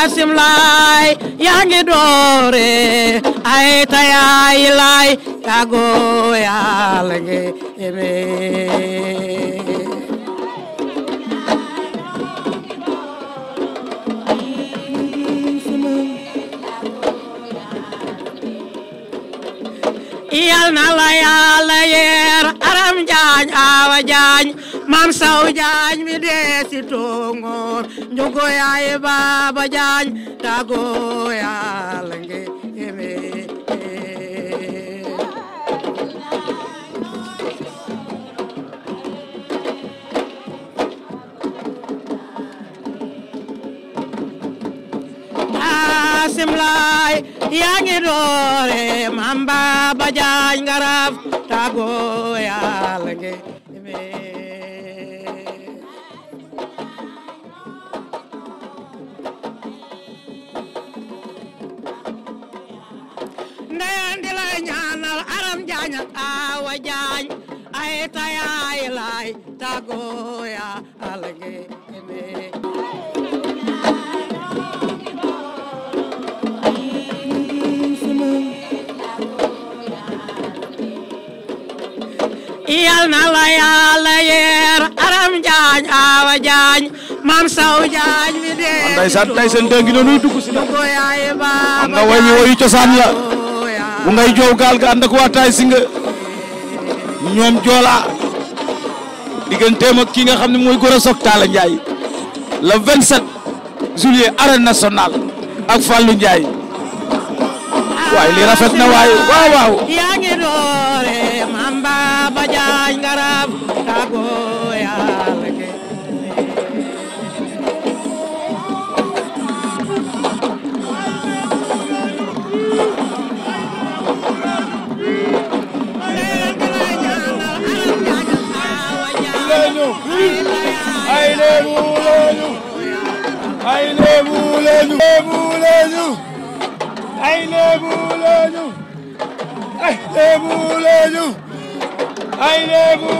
xaasim yaa ngi doore ay tayaay laay yaa goo yàlla ngi eme yal na la yàlla yeer aram jaañ awa jaañ maam saw jaañ mi deesi tongoor njogo yaay baaba jaañ tago yaal nge asim laay yaa ngi doore maam baaba jaañ ngaraaf tago yaal nge jaañ ak jaañ ay tayaay laay tagooya alage ene yal na la yàlla yeer aram jaañ awa jaañ maam saw jaañ mi dee ndeysaan tey seen dëngi noonu dugg si na am na cosaan la bu ngay joow gaal ga ànd ak waa si nga ñoom joolaa digganteem ak ki nga xam ne mooy Gora Sock Talla Ndiaye le 27 juillet arène nationale ak Fallou Ndiaye ah, waaye li rafet na waaye waaw waaw leen ay lébu lañu ay lébu lañu ay lébu lañu ay lébu lañu ay lébu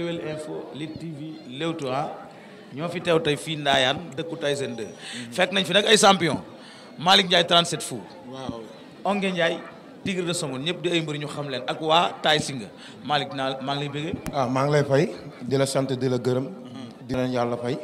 Kewel Info Lit TV Leewtoo ah. ñoo fi teew tey fii Ndaayaan dëkku Tyson 2 mhm. fekk nañ fi nag ay champion Malick Ndiaye 37 fou waaw Onge Ndiaye Tigre de Somone ñëpp di ay mbër ñu xam leen ak waa Tay Singa Malick naa maa lay bëggee waaw ah, maa lay fay di la sant di la gërëm mhm. di leen yàlla fay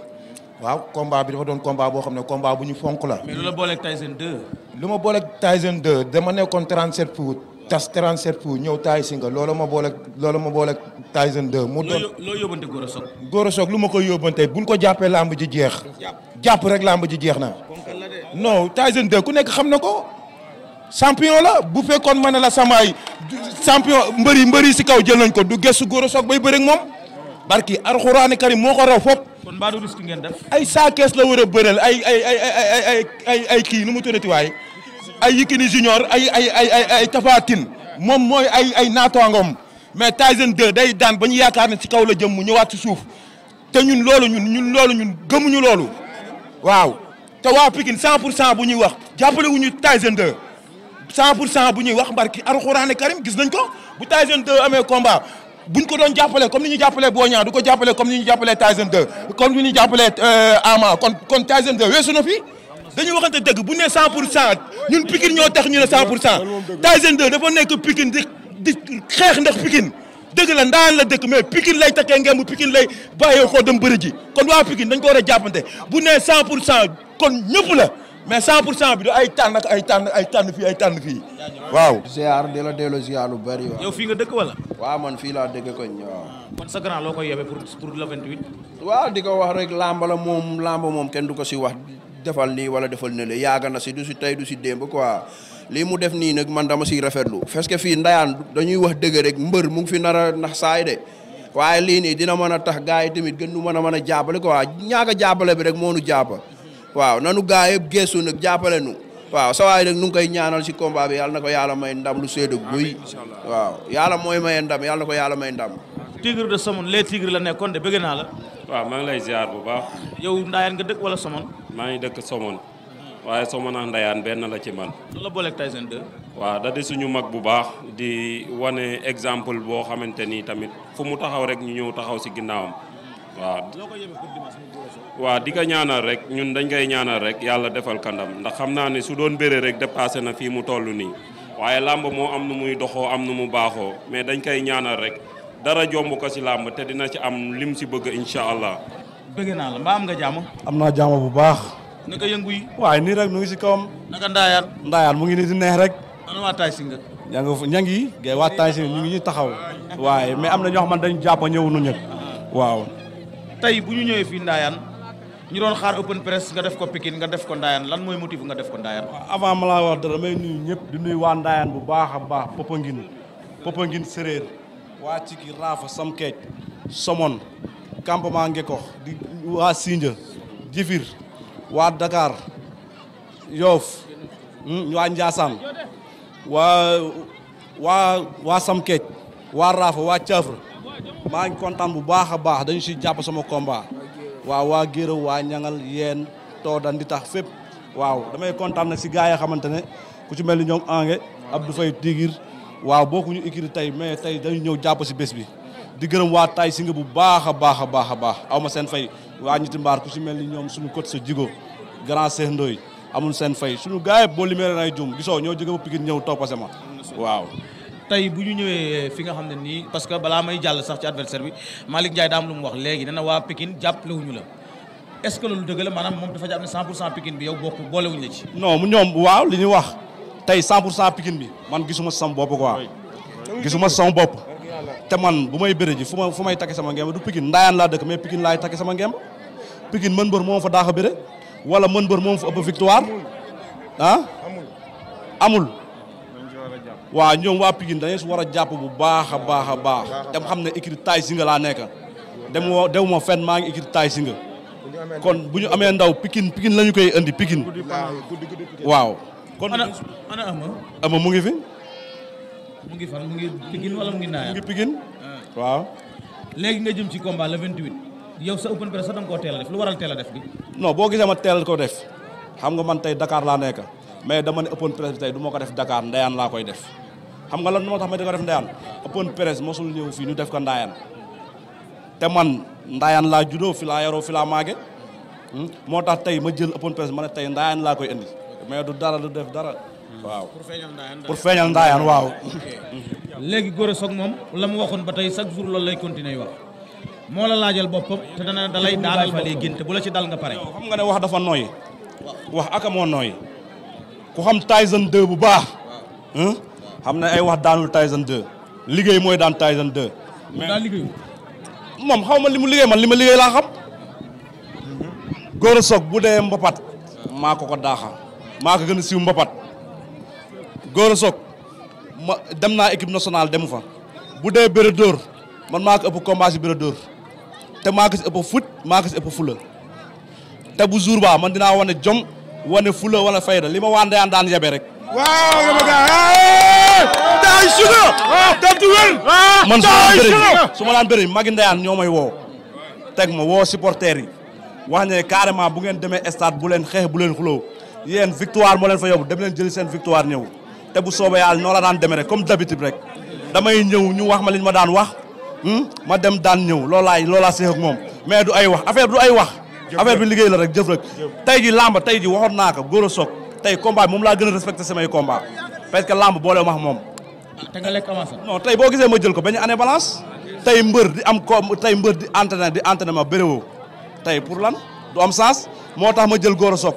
waaw combat bi dafa doon combat boo xam ne combat bu ñu fonk la mais lu la booleeg Tyson 2 lu ma booleeg Tyson 2 dama nekkoon 37 fou tas 37 pour ñëw taay si nga loolu ma boole loolu ma boole Tyson 2. mu doon loo yóbbante Gora Sock. Gora lu ma koy yóbbante buñ ko jàppee làmb ji jeex. jàpp rek làmb ji jeex na. non Tyson 2 ku nekk xam na ko. champion la bu fekkoon ma ne la samaay champion mbëri mbëri si kaw jël nañ ko du góor Gora Sock bay bëreeg moom. barki alxuraani karim moo ko raw fop kon ay saa la war a ay kii nu mu tuddati waay. ay Yekini Junior ay ay ay ay ay Tapha moom mooy ay ay naataangoom mais Tyson 2 day daan ba ñu yaakaar ne si kaw la jëm mu ñëwaat ci suuf te ñun loolu ñun ñun loolu ñun gëmuñu loolu waaw te waa Pikine 100 pour cent bu ñuy wax jàppale wuñu Tyson 2 100 pour cent bu ñuy wax mbarki Alxuraan Karim gis nañ ko bu Tyson 2 amee bu ñu ko doon jàppale comme ni ñu jàppalee Boy Niang ko jàppale comme ni ñu jàppalee Tyson 2 comme ni ñu jàppalee euh, Ama kon kon Tyson we weesu na dañu waxante dëgg bu ne 100 pour cent ñun Pikine ñoo tax ñu ne 100 pour cent Tyson 2 dafa nekk Pikine di di xeex ndax dëgg la ndaan la dëkk mais Pikine lay takkee ngemb Pikine lay bàyyee koo dem bëri kon waa Pikine dañ ko war a jàppante bu ne 100 pour cent kon ñëpp la mais 100 pour cent bi du ay tànn ak tànn ay tànn fii ay tànn fii waaw. ziar di la delloo ziar lu bëri waaw. fii nga dëkk wala. waaw man fii laa dëkk koñ waaw. kon sa grand loo koy di ko wax rek lamba la moom lamba moom kenn du ko si wax defal lii wala defal ne la yaaga na si du si tey du si démb quoi lii mu def nii nag man dama siy rafetlu parce que fii ndayaan dañuy wax dëgg rek mbër mu ngi fi nar a nax saay de waaye lii nii dina man a tax gars yi tamit gën nu man a mën a jàppale quoi ñaaka jàppale bi rek moo nu jàppa waaw nanu gars yëpp geesu nag jàppale nu waaw sa waay nag nu ngi koy ñaanal si combat bi yàlla na ko yàlla may ndam lu séedug buy waaw yàlla mooy maye ndam yàlla na ko yàlla may ndam tigre waaw maa ngi lay ziar bu baax. yow Ndayane nga dëkk wala Somone. maa ngi dëkk Somone. waaye Somone ak Ndayane benn la ci man. lan la booleeg waaw da suñu mag bu baax di wane exemple boo xamante nii tamit fu mu taxaw rek ñu ñëw taxaw si ginnaawam. waaw waaw di ko ñaanal rek ñun dañ koy ñaanal rek yàlla defal kandam ndax xam naa ne su doon béré rek dépassé na fii mu toll nii waaye làmb moo am nu muy doxoo am nu mu baaxoo mais dañ koy ñaanal rek. dara jomb ko si làmb te dina ci am lim si bëgg incha allah. bëgg naa la mbaa am nga jàmm. am naa jàmm bu baax. naka yëngu yi. waaye nii rek nu ngi si kawam. ndaayaan. ndaayaan mu ngi nii di neex rek. ana si nga. ña nga ña ngi. gay waa taay ñu ngi taxaw. waaye mais am na ñoo xam ne dañu jàpp ñëwuñu ñëpp. waaw. tey bu ñu ñëwee fii ndaayaan ñu doon xaar open press nga def ko Pikine nga def ko ndaayaan lan mooy motif nga def ko ndaayaan. avant ma laa wax dara may nuyu ñëpp di nuyu waa ndaayaan bu baax a baax Popenguine Popenguine séréer waa Cigi Raafa Samkeej Somone campement Ngekox di waa Sinja Jifir waa Dakar Yoff hmm, waa Njaasaan waa waa waa Samkeej waa Raafa waa Caafra maa ngi bu baax a baax dañu si jàpp sama combat waaw waa Géraw waa Ñangal yeen toodan di tax fépp waaw damay kontaan nag si gars yi ne ku ci mel ni Ange Abdou Faye Tigir waaw bokkuñu écurie tey mais tey dañu ñëw jàpp si bés bi di gërëm waa tay si nga bu baax a baax a baax a baax ma seen fay waa ñetti mbaar ku si mel ni ñoom suñu côté sa jigo grand Cheikh Ndoye amul seen fay suñu yi boo limee nay jum gisoo ñoo jóge ba Pikine ñëw toppase ma waaw tey bu ñu ñëwee eh, fi nga xam ne nii parce que balaa may jàll sax ci adversaire bi Malick Ndiaye daa am lu mu wax léegi nee na waa Pikine jàppalewuñu la est ce que loolu dëgg la maanaam moom dafa jàpp ne 100 pour cent Pikine bi yow bokk boolewuñu la ci non ñoom waaw li ñu wax tey 100 pour cent Pikine bi man gisuma sam bopp quoi gisuma sam bopp te man bu may bëre ji fu ma fu may takki sama ngemb du Pikine ndaayaan laa dëkk mais Pikine laay takki sama ngemb Pikine mën mbër moom fa daax a bëre wala mën mbër moom fa ëpp victoire ah amul waaw ñoom waa Pikine dañu si war a jàpp bu baax a baax a baax dem xam ne écurie Tay Shinga laa nekk dem woo dew ma fenn maa ngi écurie Tay Shinga kon bu ñu amee ndaw Pikine Pikine la koy indi Pikine waaw kon ana ana Ama. Ama ngi fi. mu ngi fan mu ngi Pikine wala mu ngi Naaya. mu ngi Pikine ah. waaw. léegi nga jëm ci combat le 28 yow sa open press sax da nga koo teel a def lu waral teel a def bi. non boo gisee ma teel ko def xam nga man tey Dakar laa nekk mais dama ne open press bi tey du ma ko def Dakar ndeyaan laa koy def xam nga lan moo tax ma di ko def ndeyaan open press mosul ñëw fii ñu def ko ndaayaan te man ndaayaan laa juddoo fi laa yaroo fi laa hmm? moo tax tey ma jël open press ma ne tey ndaayaan laa koy indi. mais du dara du def dara. waaw pour feeñal ndaayaan waaw. léegi Gora Sock moom la mu waxoon ba tey chaque jour loolu lay continuer wax moo la laajal boppam te bu la ci dal nga pare. xam nga ne wax dafa nooy wax aka moo nooy ku xam bu baax. xam ne ay wax daanul liggéey mooy daan Tyson 2. mais daal liggéey moom xaw ma li mu liggéey ma li ma liggéey laa xam. Gora Sock bu dee mbapat maa ko ko daaxa. maa ko gën a siiw mbapat Gora Sock ma dem naa équipe nationale demu fa bu dee bëre dóor man maa ko ëpp combat si dóor te maa ko si ëpp fut maa ko si ëpp fula te bu jour ba man dinaa wane jom wane fula wane fayda li ma waan daan daan yebe rek. waaw yow daay suga ah, ah, man su ma daan bëri magi ndeyaan ñoo may woo teg ma woo supporters yi wax ne carrément bu ngeen demee stade bu leen xeex bu leen yéen victoire moo leen fa yóbbu dem leen jëli seen victoire ñëw te bu soobee yàlla noo la daan demee rek comme d'habitude rek damay ñëw ñu wax ma li ñu ma daan wax hmm? ma dem daan ñëw loolaay loolaa seex moom mais du ay wax affaire bi du ay wax affaire bi liggéey la rek jëf rek tey ji làmb tey ji waxoon naa ko góor a soog tey combat moom laa gën a respecté samay combat parce que làmb boole wax moom ah, te nga lekk avancé tey boo gisee ma jël ko bañ année balance tey mbër di am ko tey mbër di entraîné di entraînement béréwoo tey pour lan du am moo tax ma jël góor a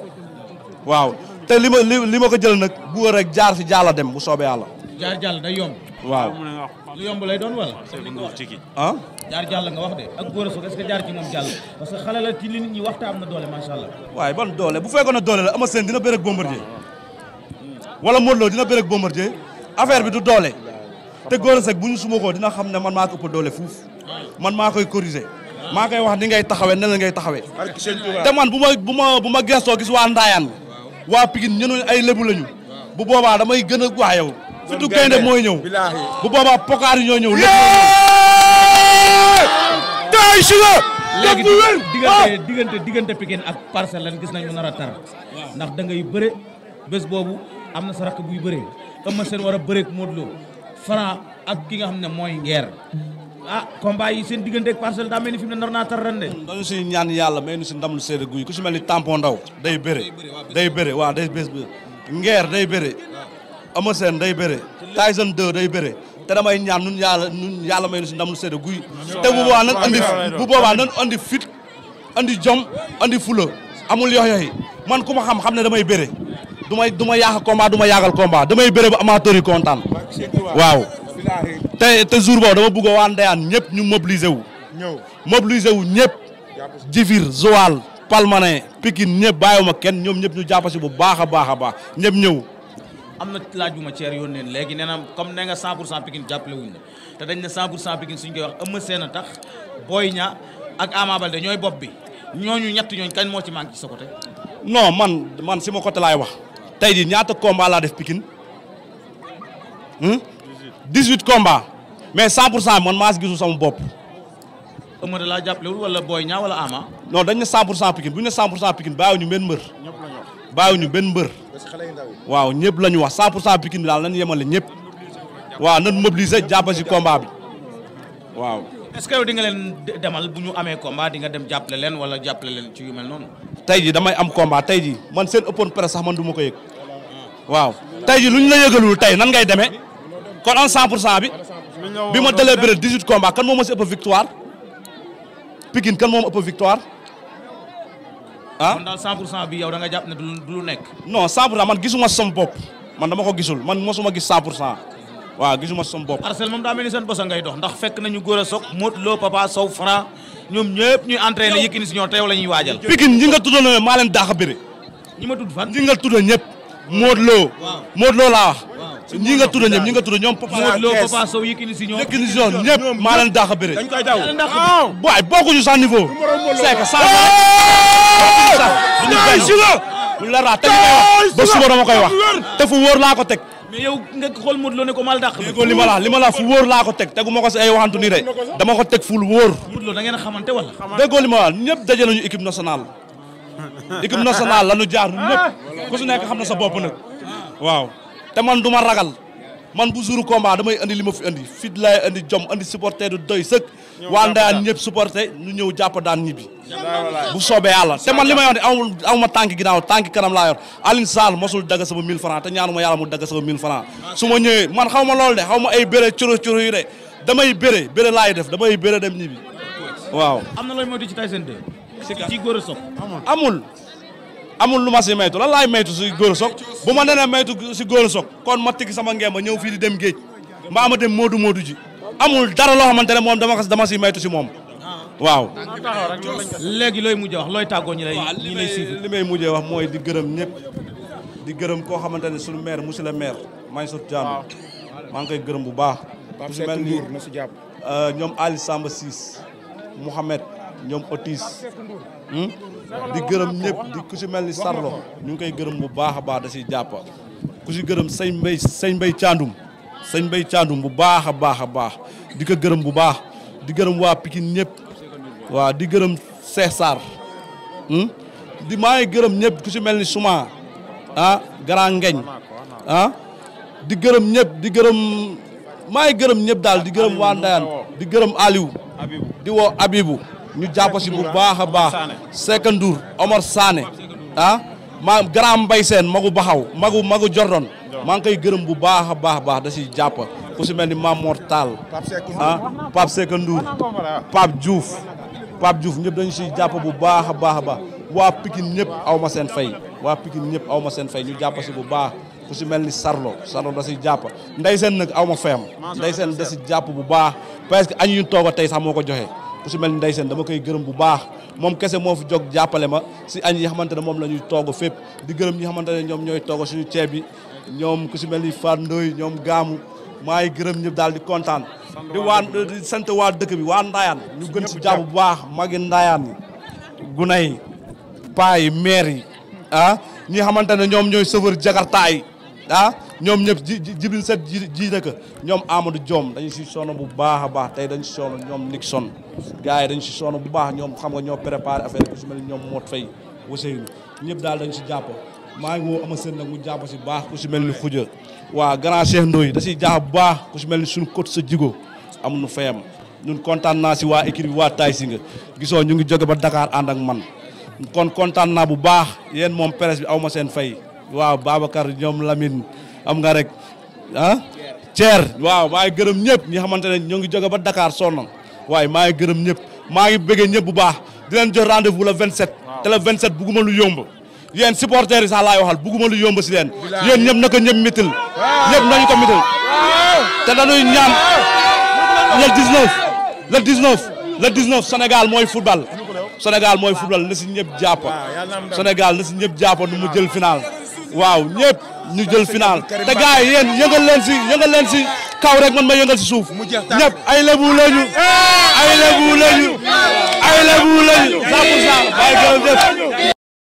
waaw te li ma li ma ko jël nag bu wër rek jaar si jaala dem bu soobee yàlla. jaar jàll day yomb. waaw lu yomb lay doon wala. ah. jaar jàll nga wax de ak góor a soog est-ce jaar ci moom jàll parce que xale la ci li nit ñi waxta am na doole macha allah. waaye doole bu fekkoon ne doole la Eumeu Sène dina bëre ak Bombardier wala Modou Lo dina bëre ak Bombardier affaire bi du doole te góor a soog bu ñu suma ko dina xam ne man maa ko ëpp doole fuuf man maa koy corriger maa koy wax ni ngay taxawee ne la ngay taxawee. te man bu ma bu ma bu ma gëstoo gis waa Ndaayaan waa Pikine ñun ay lébu lañu bu boobaa damay gën a wax yow surtout gaynde mooy ñëw bu boobaa pokaar yi ñoo ñëw tay si la léegi diggante ah! diggante diggante Pikine ak Parcelles lan gis nañ mu nar a tar ndax da ngay bëre bés boobu am na sa rakk buy bëree Eumeu Sène war a bëreeg Modou Lo Franc ak ki nga xam ne mooy ngeer ah combat yi seen diggante ak parcelle ni fi mu ne nar naa tar ren de. si ñaan yàlla may nu si ndamul seede guy ku si mel ni tampon ndaw day bëre day bëre waaw day ngeer day bëre ama seen day bëre Tyson 2 day bëre te damay ñaan nun yàlla nun may nu si ndamul seede guy te bu boobaa nan andi fit andi jom andi fula amul yox yoxi man ku ma xam xam ne damay bëre du may du ma yàq combat du ma yàqal damay bëre bu amateur yi kontaan waaw te te jour boobu dama bëgg waa Ndeyaan ñëpp ñu mobiliser wu. ñëw mobiliser wu ñëpp. Jifir Joal Palmarin Pikine ñëpp bàyyiwuma kenn ñoom ñëpp ñu jàpp si bu baax a baax a baax ñëpp ñëw. am na laaj bu ma ceer yoon neen léegi nee na comme nee nga 100 pour cent Pikine jàppale wuñ te dañ ne 100 pour cent Pikine suñ koy wax Eumeu Sène a tax Boy Niang ak Ama Baldé ñooy bopp bi ñooñu ñetti ñooñu kañ moo ci manqué ci sa côté. man man si ma côté laay wax. tey jii ñaata combat def pikin hmm? 18 combats mais 100 pour cent man maa si gisul sama bopp. Eumeu da laa jàppalewul wala Boy Niang wala Ama. non dañ ne 100 pour cent Pikine bu ñu ne 100 pour cent Pikine bàyyiwuñu mbër. waaw ñëpp la ñu wax 100 pour cent Pikine bi daal nañu yemale ñëpp. waaw nañu mobiliser jàppal si combat bi waaw. est que yow di nga leen demal bu ñu amee combat di nga dem jàppale leen wala jàppale leen ci yu mel noonu. tey ji damay am combat tey jii man seen open press sax man du ma ko yëg. waaw tey jii kon an 100 pour cent bi. bi ma dalee bëre 18 combats kan moo ma si ëpp victoire. Pikine kan moom ma ëpp victoire. ah man daal 100 pour cent bi yow da nga jàpp ne du lu nekk. non 100 pour cent man gisuma sama bopp man dama ko gisul man mosuma gis 100 pour cent. waaw gisuma sama bopp. Parcelles moom daa mel ni seen bosa ngay dox ndax fekk nañu góor a soog Modou Lo Papa Sow Franc ñoom ñëpp ñuy entraîné Yékini si ñoom te yow la ñuy waajal. Pikine ñi nga tuddoon maa leen daax a bëre. ma tudd fan ñi nga ñëpp. Modou Lo. waaw Modou Lo laa wax. ñi nga tudd ñëpp ñi nga tudd ñoom. Papa Lo Papa Sow Yékini si ñoom. Yékini si ñoom ñëpp maa leen dàq a bëre. dañ koy daw waaw. waaye bokkuñu sax niveau. c'est que sax ñu la raat te ñu koy wax ba suba dama koy wax te fu wóor laa ko teg. mais yow nga xool Modou Lo ne ko mal dàq. déggoo li ma la li ma la fu wóor laa ko teg tegu ma ko si ay waxantu nii rek dama ko teg ful wóor. Modou Lo da ngeen a xamante wala. déggoo li ma la ñëpp daje nañu équipe nationale équipe nationale la ñu jaar ñëpp ku su nekk xam na sa bopp nag waaw te man du ma ragal man bu jour combat damay andi li ma fi andi fit laay andi jom andi supporter du doy sëkk waa ndayaan ñëpp supporter ñu ñëw jàpp daan ñibbi bu soobee yàlla te man li may wax ne amul amuma tànk ginnaaw tànk kanam laa yor Alioune Sall mosul dagg sama mil francs te ñaanuma yàlla mu dagg sama 1000 francs su ma ñëwee man xaw ma loolu de xaw ma ay béré coro coro yi de damay béré béré laay def damay béré dem ñibbi ci Gora Sock amul amul lu ma si maytu lan laay bu ma nee maytu si kon ma tigi sama ngemba ñëw fii di dem géej mbaa ma dem moodu moodu amul dara loo xamante ne moom dama ko dama si moom ah. waaw. léegi looy mujjee wax looy tàggoo ñu li may mujjee wax mooy di gërëm ñëpp di gërëm koo xamante ne suñu maire monsieur le maire Mansour Diamb maa ngi koy gërëm bu baax. ku si mel ni euh, ñoom Ali Samba Ciss Mouhamed. ñoom Otis hmm? di gërëm ñëpp di ku si mel ni Sarlo ñu ngi koy gërëm bu baax a baax da siy jàpp ku si gërëm sëñ Mbay sëñ Mbay Caandum sëñ Mbay Caandum bu baax a baax a baax di ko gërëm bu baax di gërëm waa Pikine ñëpp waa di gërëm Cheikh Sarr hmm? di maa gërëm ñëpp ku si mel ni Souma ah Grand Ngeñ ah, di gërëm ñëpp di gërëm maa ngi gërëm ñëpp daal di gërëm waa Ndayane di gërëm Aliou di woo Abibu ñu jàpp si bu baax a baax Seka Ndour Omar Sané ah maa grand Mbaye Sène magu baxaw magu magu Jordan maa ngi koy gërëm bu baax a baax baax da si jàpp ku si mel ni Mamor Tall ah Pape Seka Ndour Pape Diouf Pape Diouf ñëpp dañu siy jàpp bu baax a baax a baax waa Pikine ñëpp aw ma seen fay waa Pikine ñëpp aw ma seen fay ñu jàpp si bu baax ku si mel ni Sarlo Sarlo da si jàpp nday nag aw ma fayam nday seen da si jàpp bu baax parce que añ yu toog tey sax moo ko joxe ku si mel ni Ndeye Sène dama koy gërëm bu baax moom kese moo fi jóg jàppale ma si añ yi xamante ne moom la ñuy togg fépp di gërëm ñi xamante ne ñoom ñooy togg suñu ceeb yi ñoom ku si mel ni Fane ñoom gaamu maa gërëm ñëpp daal di kontaan di waa sant waa dëkk bi waa Ndayane ñu gën si jàpp bu baax magi Ndayane yi gune yi paa yi yi ah ñi xamante ne ñoom ñooy chauffeur Jakarta yi ah ñoom ñëpp ji jibril set ji naka ñoom Amadou joom dañu si sonn bu baax a baax tey dañu si sonn ñoom Nixon gars yi dañu si sonn bu baax ñoom xam nga ñoo préparé affaire ku si mel Moot Fay Ousseynou ñëpp daal dañu si jàpp maa ngi woo ama seen nag mu jàpp si baax ku si mel ni xuja waa grand Cheikh Ndoye da siy jàpp bu baax ku si mel ni suñu kot sa jigo am nu fayam ñun kontaan naa si waa équipe bi waa taay si nga gisoo ñu ngi joge ba dakaar ànd ak man kon kontaan naa bu baax yéen moom presse bi aw ma seen fay waaw Babacar ñoom Lamine am nga rek ah. Thier waaw maa gërëm ñëpp ñi xamante ne ñoo ngi jóge ba Dakar sonn waay maa ngi gërëm ñëpp maa ngi bëggee ñëpp bu baax di leen jox rendez-vous vingt 27. te le 27 bugguma lu yomb. yéen supporters yi sax laay waxal bugguma lu yomb si leen. yéen ñëpp na ko ñëpp mitil. ñëpp nañu ko mitil. te dañuy ñaan le 19. le 19 le 19 mooy football. Sénégal mooy football na si ñëpp jàpp. Sénégal na si ñëpp jàpp nu mu jël final. waaw ñëpp. ñu jël final te gars yi yëngal leen si yëngal leen si kaw rek man ma yëngal si suuf ñëpp ay lebu lañu ay lebu lañu ay lebu lañu 100 pour 100 bàyyi gërëm def